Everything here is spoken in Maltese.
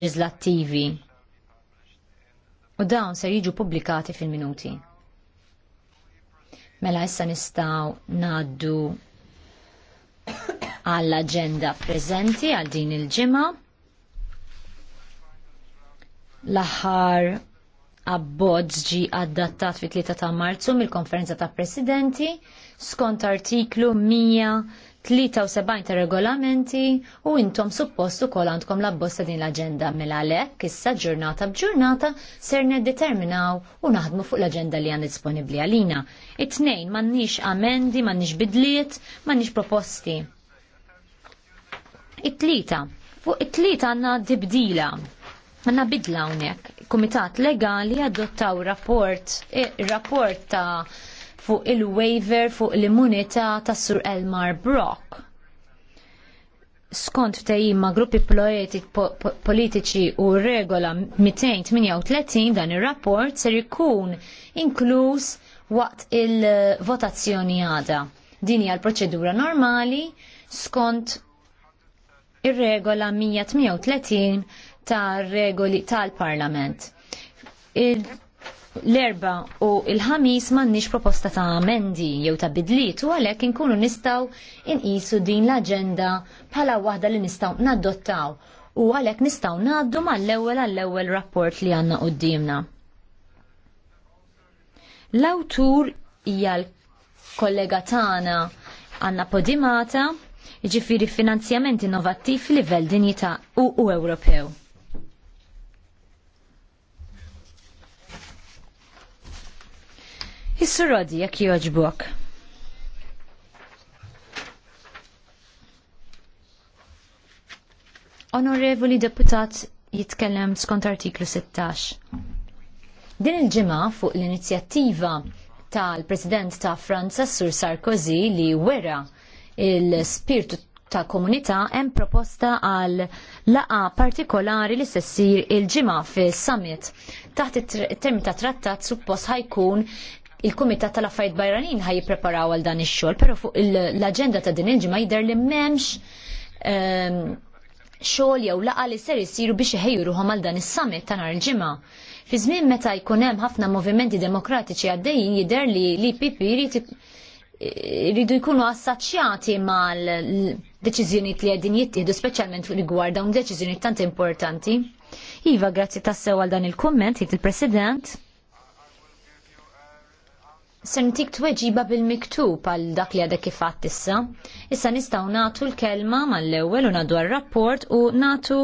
legislativi u dawn ser jiġu pubblikati fil-minuti. Mela issa nistaw naddu għall-agenda prezenti għal din il-ġimgħa. L-aħħar abbozz ġi adattat fit-3 ta' Marzu mill-Konferenza ta' Presidenti skont artiklu 100 73 ta' regolamenti u intom suppost ukoll għandkom la bosta din l-aġenda mill-għalhekk mela issa ġurnata b'ġurnata ser determinaw u naħdmu fuq l-aġenda li għan disponibbli għalina. It-tnejn m'għandniex amendi, m'għandniex bidliet, m'għandniex proposti. It-tlita. Fuq it-tlita għandna dibdila. Għanna bidla hawnhekk. Kumitat legali adottaw rapport, eh, rapport ta' fuq il-waiver fuq l-immunità tas Sur Elmar Brock. Skont ftehim ma' gruppi politiċi u regola 238 dan ir-rapport ser ikun inkluż waqt il-votazzjoni għada. Din hija l-proċedura normali skont ir-regola 138 tar regoli tal-Parlament l-erba u il-ħamis m'għandniex proposta ta' amendi jew ta' bidliet u għalhekk inkunu nistgħu inqisu din l-aġenda bħala waħda li nistgħu nadottaw u għalhekk nistgħu ngħaddu mal-ewwel għall-ewwel rapport li għandna dimna L-awtur hija l-kollega tagħna Anna Podimata, ġifiri finanzjament innovattiv livell dinjità u, u Ewropew. Is-surodi jekk jogħġbok. Onorevoli deputat jitkellem skont artiklu 16. Din il-ġimgħa fuq l-inizjattiva tal-President ta' Franza Sur Sarkozy li wera il-spirtu ta' komunità hemm proposta għal laqa partikolari li se ssir il-ġimgħa fis summit Taħt it-termi ta' trattat suppost ħajkun il-Kumitat tal-Affarijiet Barranin ħaj jippreparaw għal dan ix-xogħol, però fuq l-aġenda ta' din il-ġimgħa jidher li m'hemmx ehm, xogħol jew laqa li ser isiru biex iħejruhom għal dan is-summit ta' nhar il-ġimgħa. Fi żmien meta jkun hemm ħafna movimenti demokratiċi għaddejjin jidher li li pipi jridu jkunu assaċjati mal deċiżjonijiet li qegħdin jittieħdu speċjalment rigward dawn deċiżjonijiet tant importanti. Iva, grazzi tassew għal dan il-komment, jitt il-President. Serntik tweġiba bil-miktub għal dak li għadek kifat issa. Issa nistaw natu l-kelma mal-ewel u nadu għal-rapport u natu